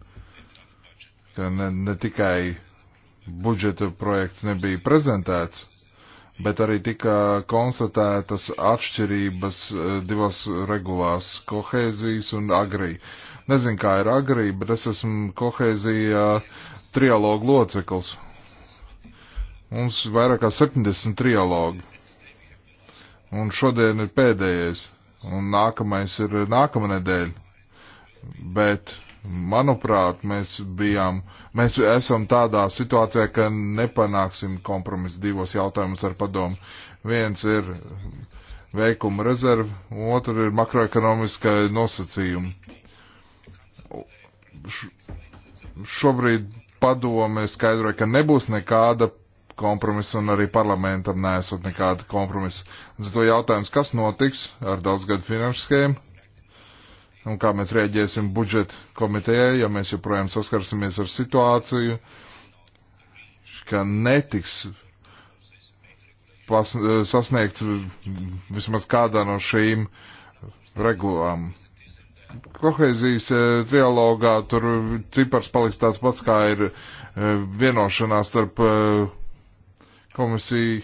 [SPEAKER 2] ka ne, ne tikai budžeta projekts nebija prezentēts, bet arī tika konstatētas atšķirības e, divas regulās - kohēzijas un agrī. Nezinu, kā ir agrī, bet es esmu kohēzija trialogu loceklis, Mums vairāk kā 70 trialogi. Un šodien ir pēdējais. Un nākamais ir nākamā nedēļa. Bet, manuprāt, mēs bijām, mēs esam tādā situācijā, ka nepanāksim kompromisu divos jautājumus ar padomu. Viens ir veikuma rezerve, otra ir makroekonomiskā nosacījuma. Šobrīd padome skaidroja, ka nebūs nekāda kompromisu, un arī parlamentam nesot nekādu kompromisu. Līdz ar to jautājums, kas notiks ar daudzgadu finanšu schēmu, un kā mēs rēģēsim budžeta komitejai, ja mēs joprojām saskarsimies ar situāciju, ka netiks pas, sasniegt vismaz kādā no šīm regulām. Kohēzijas e, trialogā tur cipars paliks tāds pats, kā ir e, vienošanās starp e, komisija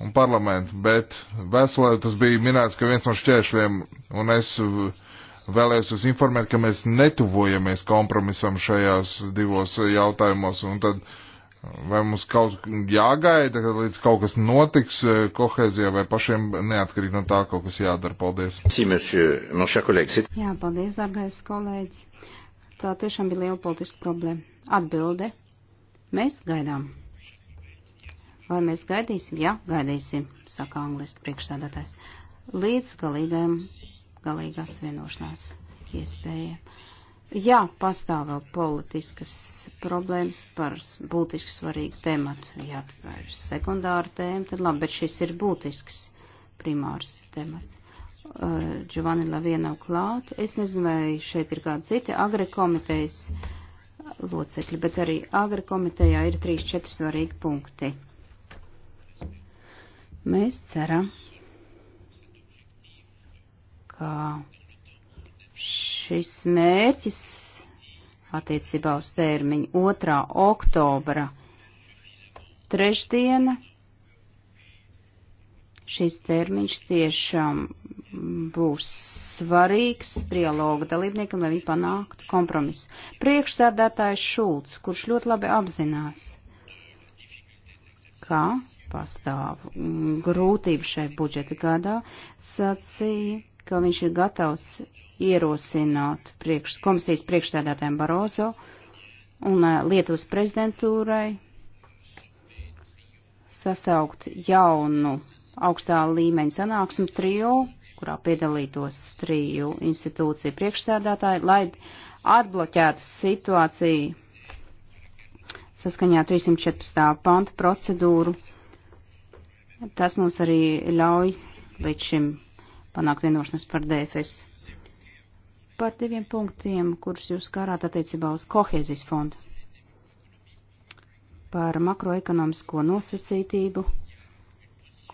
[SPEAKER 2] un parlamentu, bet vēstulē tas bija minēts, ka viens no šķēršļiem, un es vēlējos jūs informēt, ka mēs netuvojamies kompromisam šajās divos jautājumos, un tad vai mums kaut jāgaida, kad līdz kaut kas notiks eh, kohēzijā, vai pašiem neatkarīgi no tā kaut kas jādara. Paldies. Jā,
[SPEAKER 1] paldies, dargais kolēģi. Tā tiešām bija liela politiska problēma. Atbilde. Mēs gaidām. Vai mēs gaidīsim? Jā, gaidīsim, saka anglistu priekšstādātājs. Līdz galīgajam, galīgās vienošanās iespēja. Jā, pastāv vēl politiskas problēmas par būtiski svarīgu tēmatu. Jā, tā ir sekundāra tēma, tad labi, bet šis ir būtisks primārs temats. Uh, Giovanni Laviena nav klāt. Es nezinu, vai šeit ir kādi citi agri komitejas locekļi, bet arī agri komitejā ir 3-4 svarīgi punkti. Mēs ceram, ka šis mērķis attiecībā uz termiņu 2. oktobra trešdiena. Šis termiņš tiešām būs svarīgs trialogu dalībniekam, lai viņi panāktu kompromisu. Priekšsēdētājs Šulcs, kurš ļoti labi apzinās, ka pastāv mm, grūtības šai budžeta gadā, sacīja, ka viņš ir gatavs ierosināt priekš, komisijas priekšsēdētājiem Barozo un eh, Lietuvas prezidentūrai sasaukt jaunu augstā līmeņa sanāksmu trio, kurā piedalītos triju institūciju priekšsēdētāji, lai atbloķētu situāciju saskaņā 314. panta procedūru Tas mums arī ļauj līdz šim panākt vienošanas par DFS. Par diviem punktiem, kurus jūs kārāt attiecībā uz kohēzijas fondu. Par makroekonomisko nosacītību,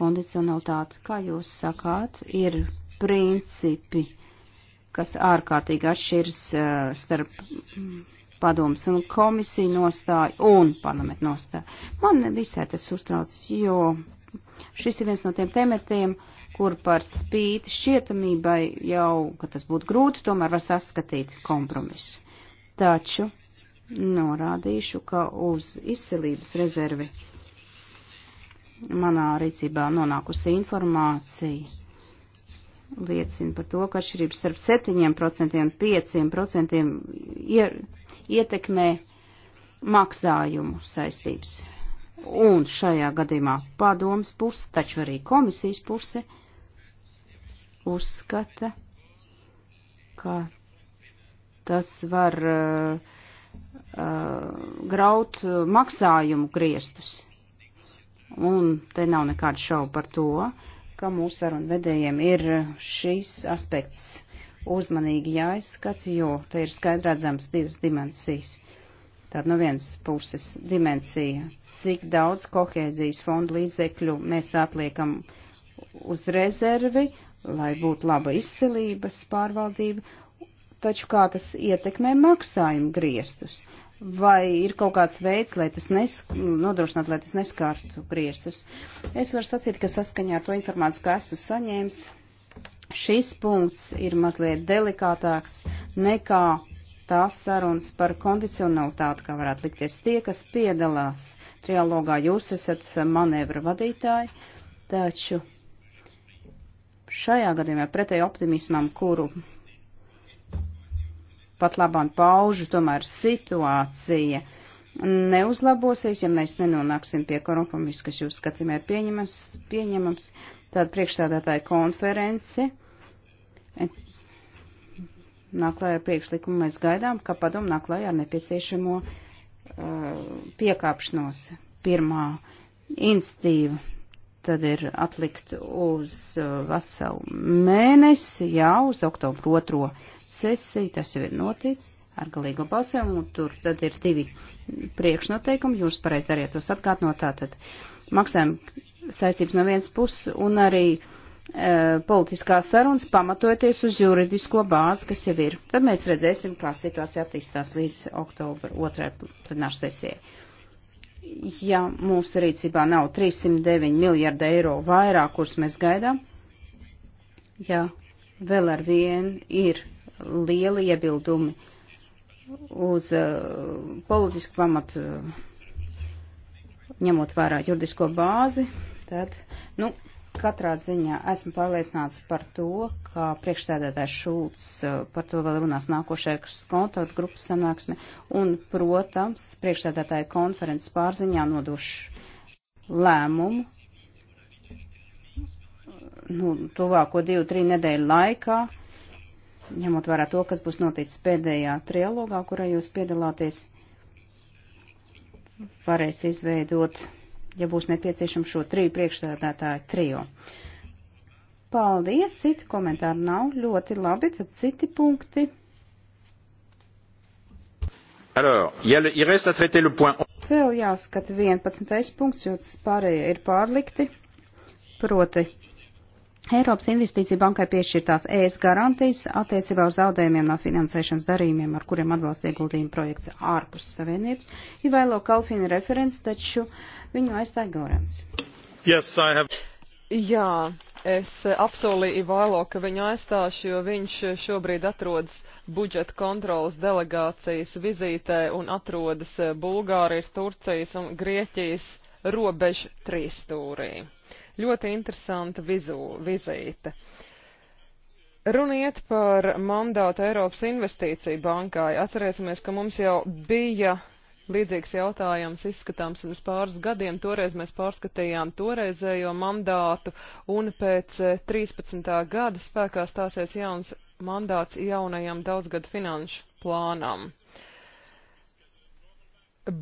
[SPEAKER 1] kondicionalitāti, kā jūs sakāt, ir principi, kas ārkārtīgi atšķiras uh, starp mm, padomus un komisiju nostāju un parlamentu nostāju. Man visai tas uztrauc, jo Šis ir viens no tiem tematiem, kur par spīti šietamībai jau, ka tas būtu grūti, tomēr var saskatīt kompromisu. Taču norādīšu, ka uz izcelības rezervi manā rīcībā nonākusi informācija liecina par to, ka atšķirības starp 7% un 5% ietekmē maksājumu saistības un šajā gadījumā padomas puse, taču arī komisijas puse uzskata, ka tas var uh, uh, graut maksājumu griestus. Un te nav nekāda šauba par to, ka mūsu sarunvedējiem ir šīs aspekts uzmanīgi jāizskata, jo te ir skaidrādzams divas dimensijas. Uh, Tad no vienas puses dimensija, cik daudz kohēzijas fondu līdzekļu mēs atliekam uz rezervi, lai būtu laba izcelības pārvaldība, taču kā tas ietekmē maksājumu griestus. Vai ir kaut kāds veids, lai tas nesk nodrošinātu, lai tas neskārtu griestus? Es varu sacīt, ka saskaņā ar to informāciju, ko esmu saņēmis, šis punkts ir mazliet delikātāks nekā tās sarunas par kondicionalitāti, kā varētu likties tie, kas piedalās trialogā. Jūs esat manevra vadītāji, taču šajā gadījumā pretēji optimismam, kuru pat labāk paužu, tomēr situācija neuzlabosies, ja mēs nenonāksim pie kompromisa, kas jūs skatījumā ir pieņemams, pieņemams. Tāda priekšstādātāja konference naklēja priekšlikumu. Mēs gaidām, ka padomu naklēja ar nepieciešamo uh, piekāpšanos. Pirmā institīva tad ir atlikt uz uh, veselu mēnesi, jau uz oktobru otro sesiju, tas jau ir noticis ar galīgo balsojumu, tur tad ir divi priekšnoteikumi, jūs pareizi dariet tos atkārt no tā, tad maksājuma saistības no vienas puses un arī uh, E, politiskās sarunas pamatojoties uz juridisko bāzi, kas jau ir. Tad mēs redzēsim, kā situācija attīstās līdz oktobra otrai plenārs sesijai. Ja mūsu rīcībā nav 309 miljārda eiro vairāk, kurus mēs gaidām, ja vēl ar vienu ir lieli iebildumi uz uh, politisku pamatu, e, ņemot vērā juridisko bāzi, tad, nu, Katrā ziņā esmu pārliecināts par to, ka priekšsēdētājs Šulcs eh, par to vēl runās nākošajās kontaktu grupas sanāksme, un, protams, priekšsēdētāja konferences pārziņā nodošu lēmumu nu, tuvāko divu, trīs nedēļu laikā, ņemot vērā to, kas būs noticis pēdējā trialogā, kurā jūs piedalāties, varēs izveidot ja būs nepieciešams šo triju priekšstādātāju trio. Paldies, citi komentāri nav ļoti labi, tad citi punkti.
[SPEAKER 2] Alors, il reste à traiter le point.
[SPEAKER 1] Vēl jāskat 11. punkts, jo pārējie ir pārlikti, proti Eiropas investīcija bankai piešķirtās ES garantijas attiecībā uz zaudējumiem no finansēšanas darījumiem, ar kuriem atbalsta ieguldījuma projekts ārpus savienības. Ivailo Kalfina referents,
[SPEAKER 3] taču viņu aizstāja Gorans. Yes, have... Jā, es apsolīju Ivailo, ka viņu aizstāšu, jo viņš šobrīd atrodas budžeta kontrolas delegācijas vizītē un atrodas Bulgārijas, Turcijas un Grieķijas robežu trīstūrī. Ļoti interesanta vizu, vizīte. Runiet par mandātu Eiropas investīciju bankai. Atcerēsimies, ka mums jau bija līdzīgs jautājums izskatāms pirms pāris gadiem. Toreiz mēs pārskatījām toreizējo mandātu un pēc 13. Eh, gada spēkā stāsies jauns mandāts jaunajam daudzgadu finanšu plānam.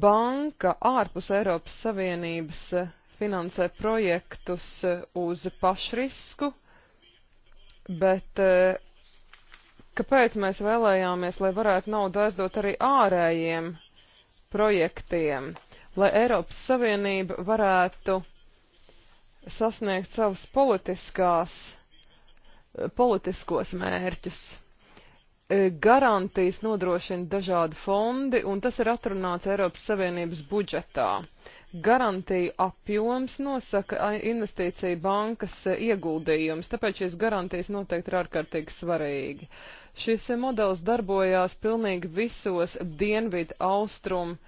[SPEAKER 3] Banka ārpus Eiropas Savienības eh, finansē projektus eh, uz pašrisku, bet eh, kāpēc mēs vēlējāmies, lai varētu naudu aizdot arī ārējiem projektiem, lai Eiropas Savienība varētu sasniegt savus politiskās, eh, politiskos mērķus? E, garantijas nodrošina dažādi fondi, un tas ir atrunāts Eiropas Savienības budžetā. Garantija apjoms nosaka investīcija bankas e, ieguldījums, tāpēc šīs garantijas noteikti ir ārkārtīgi svarīgi. Šis e, modelis darbojās pilnīgi visos dienvidu austrumu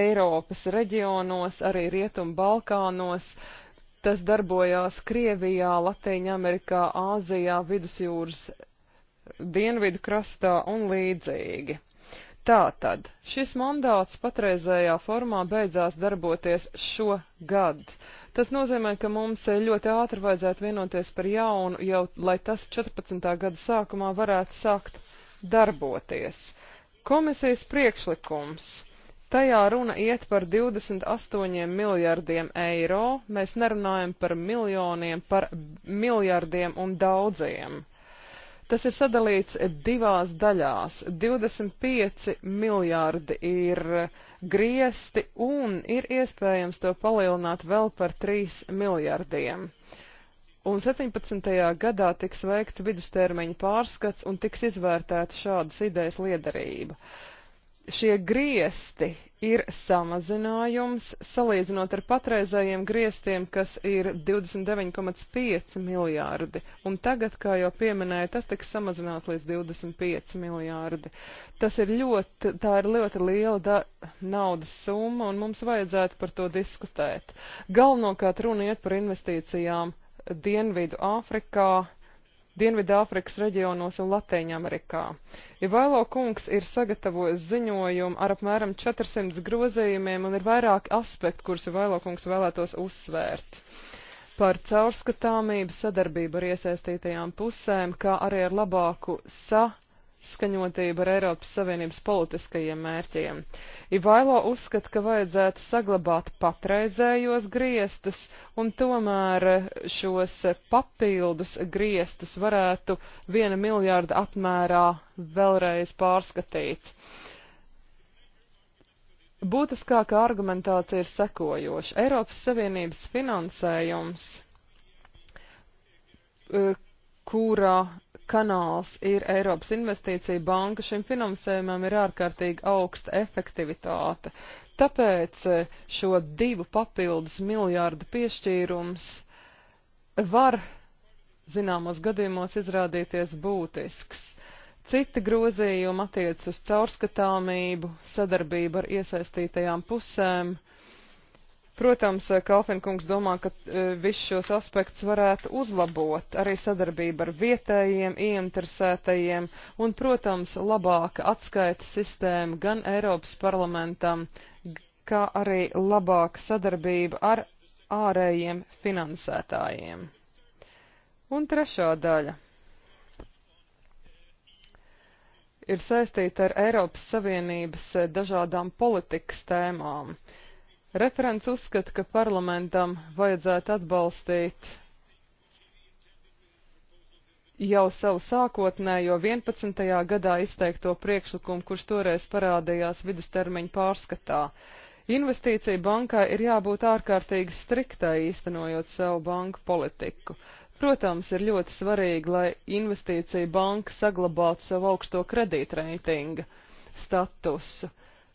[SPEAKER 3] Eiropas reģionos, arī Rietumu Balkānos. Tas darbojās Krievijā, Latīņa Amerikā, Āzijā, Vidusjūras dienvidu krastā un līdzīgi. Tātad šis mandāts patreizējā formā beidzās darboties šo gadu. Tas nozīmē, ka mums ļoti ātri vajadzētu vienoties par jaunu, jau lai tas 14. gada sākumā varētu sākt darboties. Komisijas priekšlikums. Tajā runa iet par 28 miljardiem eiro, mēs nerunājam par miljoniem, par miljardiem un daudziem. Tas ir sadalīts divās daļās. 25 miljārdi ir griesti un ir iespējams to palielināt vēl par 3 miljārdiem. Un 17. gadā tiks veikts vidustermiņa pārskats un tiks izvērtēta šādas idejas liederība. Uh, šie griesti ir samazinājums salīdzinot ar patreizējiem griestiem, kas ir 29,5 miljārdi, un tagad, kā jau pieminēja, tas tiks samazināts līdz 25 miljārdi. Tas ir ļoti, tā ir ļoti liela da, naudas summa, un mums vajadzētu par to diskutēt. Galvenokārt runa iet par investīcijām Dienvidu Āfrikā, uh, Dienvidāfrikas reģionos un Latīņamerikā. Ivailo kungs ir sagatavojis ziņojumu ar apmēram 400 grozījumiem un ir vairāki aspekti, kurus Ivailo kungs vēlētos uzsvērt. Par caurskatāmību, sadarbību ar iesaistītajām pusēm, kā arī ar labāku sa saskaņotība ar Eiropas Savienības politiskajiem mērķiem. Ivailo uzskata, ka vajadzētu saglabāt patreizējos griestus un tomēr šos papildus griestus varētu viena miljārda apmērā vēlreiz pārskatīt. Būtiskākā argumentācija ir sekojoša. Eiropas Savienības finansējums, eh, kurā kanāls ir Eiropas investīcija banka, šim finansējumam ir ārkārtīgi augsta efektivitāte. Tāpēc e, šo divu papildus miljārdu piešķīrums var zināmos gadījumos izrādīties būtisks. Citi grozījumi attiec uz caurskatāmību, sadarbību ar iesaistītajām pusēm. Uh, Protams, eh, Kalfinkungs domā, ka eh, visus šos aspektus varētu uzlabot arī sadarbība ar vietējiem, ieinteresētajiem un, protams, labāka atskaita sistēma gan Eiropas parlamentam, kā arī labāka sadarbība ar ārējiem finansētājiem. Un trešā daļa ir saistīta ar Eiropas Savienības eh, dažādām politikas tēmām. Uh, Referents uzskata, ka parlamentam vajadzētu atbalstīt jau savu sākotnējo 11. gadā izteikto priekšlikumu, kurš toreiz parādījās vidustermiņa pārskatā. Investīcija bankai ir jābūt ārkārtīgi striktai īstenojot savu banku politiku. Protams, ir ļoti svarīgi, lai investīcija banka saglabātu savu augsto kredītreitinga statusu.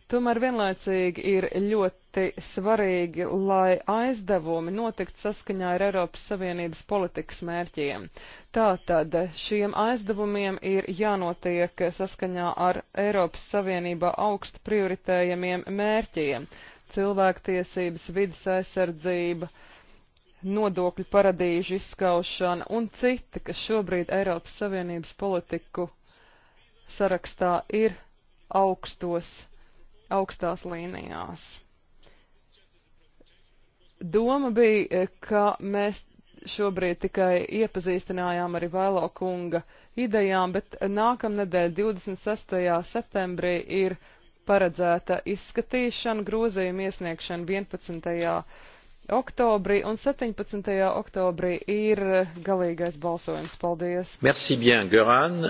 [SPEAKER 3] Tomēr vienlaicīgi ir ļoti svarīgi, lai aizdevumi notikt saskaņā ar Eiropas Savienības politikas mērķiem. Tātad šiem aizdevumiem ir jānotiek saskaņā ar Eiropas Savienībā augstu prioritējamiem mērķiem - cilvēktiesības, vidas aizsardzība, nodokļu paradīžu izskaušana un citi, kas šobrīd Eiropas Savienības politiku sarakstā ir augstos augstās līnijās. Doma bija, eh, ka mēs šobrīd tikai iepazīstinājām ar Ivailo kunga idejām, bet nākamnedēļ 26. septembrī ir paredzēta izskatīšana, grozījuma iesniegšana 11. oktobrī un 17. oktobrī ir galīgais balsojums. Paldies!
[SPEAKER 2] Merci bien, Goran!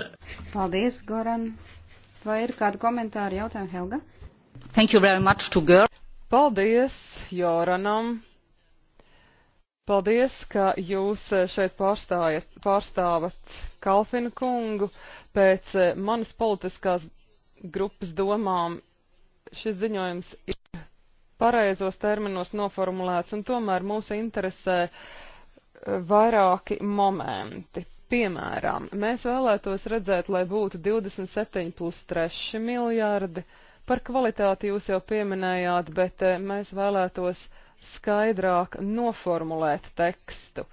[SPEAKER 3] Paldies, Goran! Vai ir kādi komentāri jautājumi, Helga?
[SPEAKER 1] Thank you very much to girl.
[SPEAKER 3] Paldies Joranam. Paldies, ka jūs eh, šeit pārstājat, pārstāvat Kalfinu kungu. Pēc eh, manas politiskās grupas domām šis ziņojums ir pareizos terminos noformulēts, un tomēr mūs interesē eh, vairāki momenti. Piemēram, mēs vēlētos redzēt, lai būtu 27 plus 3 miljārdi. Uh, Par kvalitāti jūs jau pieminējāt, bet eh, mēs vēlētos skaidrāk noformulēt tekstu.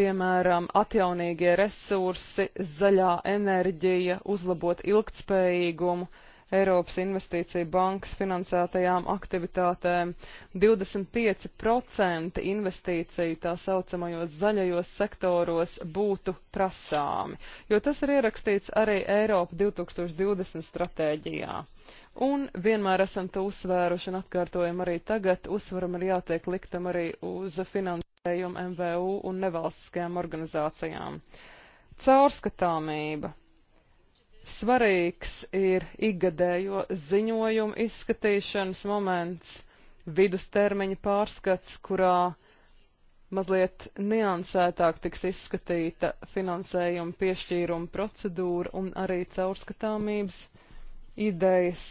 [SPEAKER 3] Piemēram, atjaunīgie resursi, zaļā enerģija, uzlabot ilgtspējīgumu Eiropas Investīcija bankas finansētajām aktivitātēm, 25% investīciju tā saucamajos zaļajos sektoros būtu prasāmi, jo tas ir ierakstīts arī Eiropa 2020 stratēģijā. Un vienmēr esam to uzsvēruši un atkārtojam arī tagad, uzsvaram ir jātiek liktam arī uz finansējumu MVU un nevalstiskajām organizācijām. Caurskatāmība Svarīgs ir ikgadējo ziņojumu izskatīšanas moments, vidustermiņa pārskats, kurā mazliet niansētāk tiks izskatīta finansējuma piešķīruma procedūra un arī caurskatāmības idejas.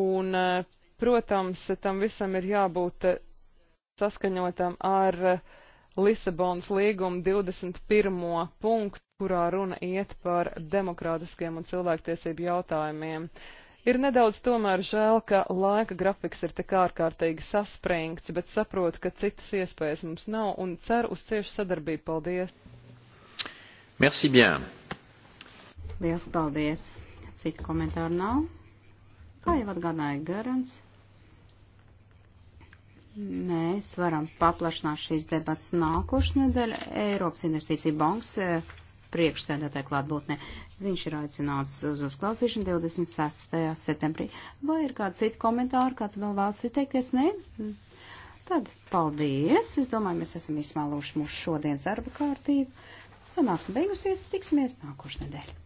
[SPEAKER 3] Un, eh, protams, tam visam ir jābūt eh, saskaņotam ar eh, Lisabonas līguma 21. punktu kurā runa iet par demokrātiskiem un cilvēktiesību jautājumiem. Ir nedaudz tomēr žēl, ka laika grafiks ir tik ārkārtīgi saspringts, bet saprotu, ka citas iespējas mums nav un ceru uz ciešu sadarbību. Paldies!
[SPEAKER 2] Merci bien!
[SPEAKER 1] Liels
[SPEAKER 3] paldies! Citu komentāru nav.
[SPEAKER 1] Kā jau atgādāja Garants, mēs varam paplašināt šīs debats nākošas nedēļa. Eiropas investīcija banks eh, priekšsēdētāja klātbūtnē. Viņš ir aicināts uz uzklausīšanu 26. septembrī. Vai ir kāds cits komentāri, kāds vēl vēlas izteikties? Nē? Tad paldies. Es domāju, mēs esam izsmēluši mūsu šodienas darba kārtību. Sanāksim beigusies, tiksimies nākošais nedēļa.